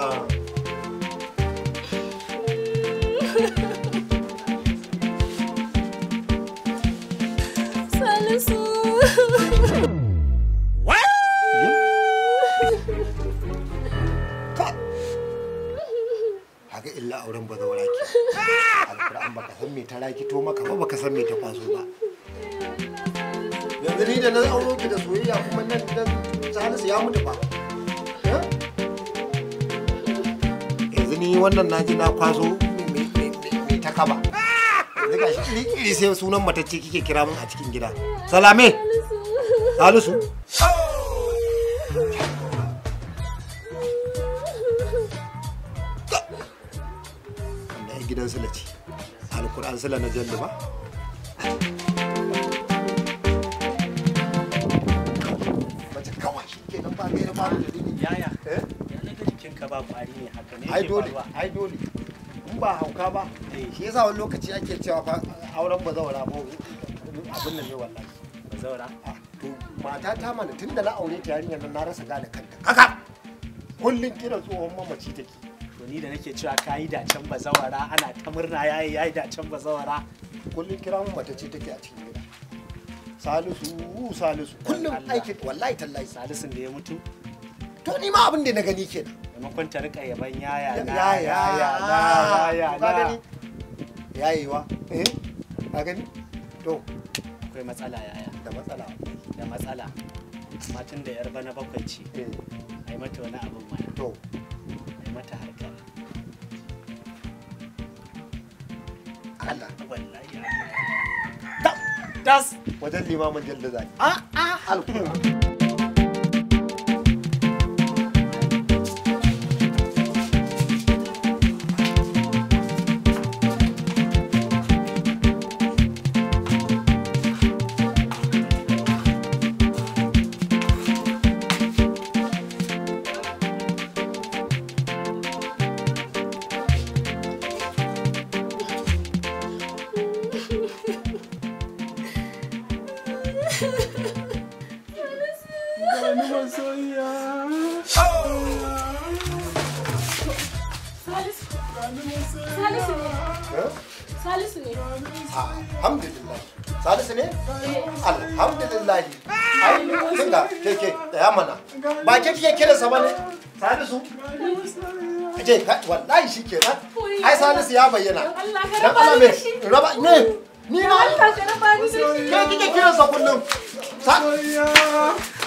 Salisu. What? illa auren ba san me ta ba san me ta kwaso ba. Yanzu ni da na auro ki da soyayya kuma nan dan Salisu ya mutu ba. wannan na ji na kwazo mai ta kaba yanzu ga sai sunan matacce kike kira mun a cikin gida salame salisu gidan sulaci alkur'an na jalli ba ba kwari ne haka ne ai dole ai dole in ba hauka ba eh, shi yasa wani lokaci ake cewa fa auren bazawara ba abin nan ne wallahi bazawara ah, to mata ta mana tunda na aure ta yarinyar nan na rasa gane kanta kaka kullun kira tsohon mamaci take to ni da nake cewa kayi dacen bazawara ana ta murna yayi yayi dacen bazawara kullun kira mun mata ce take a cikin gida salisu salisu kullum aikin wallahi tallahi salisun da ya mutu to ni ma abin da na gani kenan maimakon ta rika yaban yaya na yaya na yaya na yayewa eh ka gani to akwai matsala yaya da matsala da matsala da yar bana bakwai ce eh. ai mata wani abin mana to ai mata Allah wallahi wajen limamin a a ah, ah. Salisu ne. Alhamdulillah. Salisu ne? Alhamdulillah. Ai, tunda ke ke tsaya mana. Ba ke kike kira sa bane? Salisu. Je, wallahi shikenan. Ai Salisu ya bayyana. Allah ka raba Raba ne. Ni ma. Ka shirin ba ni da shi. Ke kike kiransa kullum? Sa.